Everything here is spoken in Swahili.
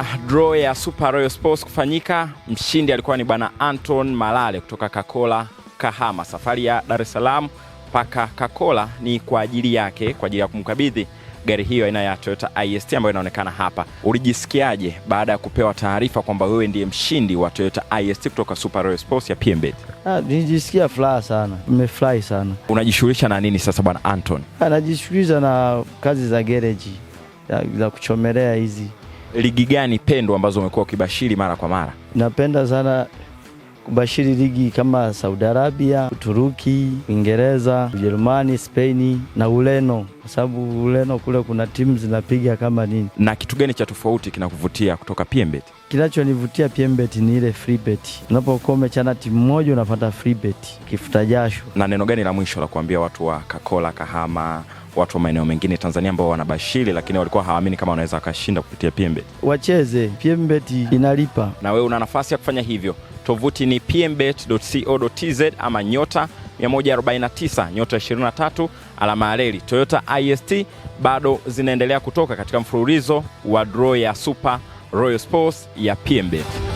dro draw ya Super Royal Sports kufanyika, mshindi alikuwa ni bwana Anton Malale kutoka Kakola Kahama. Safari ya Dar es Salaam mpaka Kakola ni kwa ajili yake, kwa ajili ya kumkabidhi gari hiyo aina ya Toyota IST ambayo inaonekana hapa. Ulijisikiaje baada ya kupewa taarifa kwamba wewe ndiye mshindi wa Toyota IST kutoka Super Royal Sports ya PMbet? Ah, Nijisikia furaha sana, nimefurahi sana. Unajishughulisha na nini sasa bwana Anton? Anajishughulisha ah, na kazi za gereji za kuchomelea hizi ligi gani pendwa ambazo umekuwa ukibashiri mara kwa mara? Napenda sana kubashiri ligi kama Saudi Arabia, Uturuki, Uingereza, Ujerumani, Spain na Ureno, kwa sababu Ureno kule kuna timu zinapiga kama nini. Na kitu gani cha tofauti kinakuvutia kutoka PMbet? Kinachonivutia PMbet ni ile free bet. Unapokuwa umechana timu moja unapata free bet, kifuta jasho. Na neno gani la mwisho la kuambia watu wa Kakola, Kahama watu wa maeneo mengine Tanzania ambao wanabashiri, lakini walikuwa hawaamini kama wanaweza wakashinda kupitia PMBet. Wacheze PMBet, inalipa na wewe una nafasi ya kufanya hivyo. Tovuti ni pmbet.co.tz ama nyota 149 nyota 23 alama ya reli. Toyota IST bado zinaendelea kutoka katika mfululizo wa draw ya Super Royal Sports ya PMBet.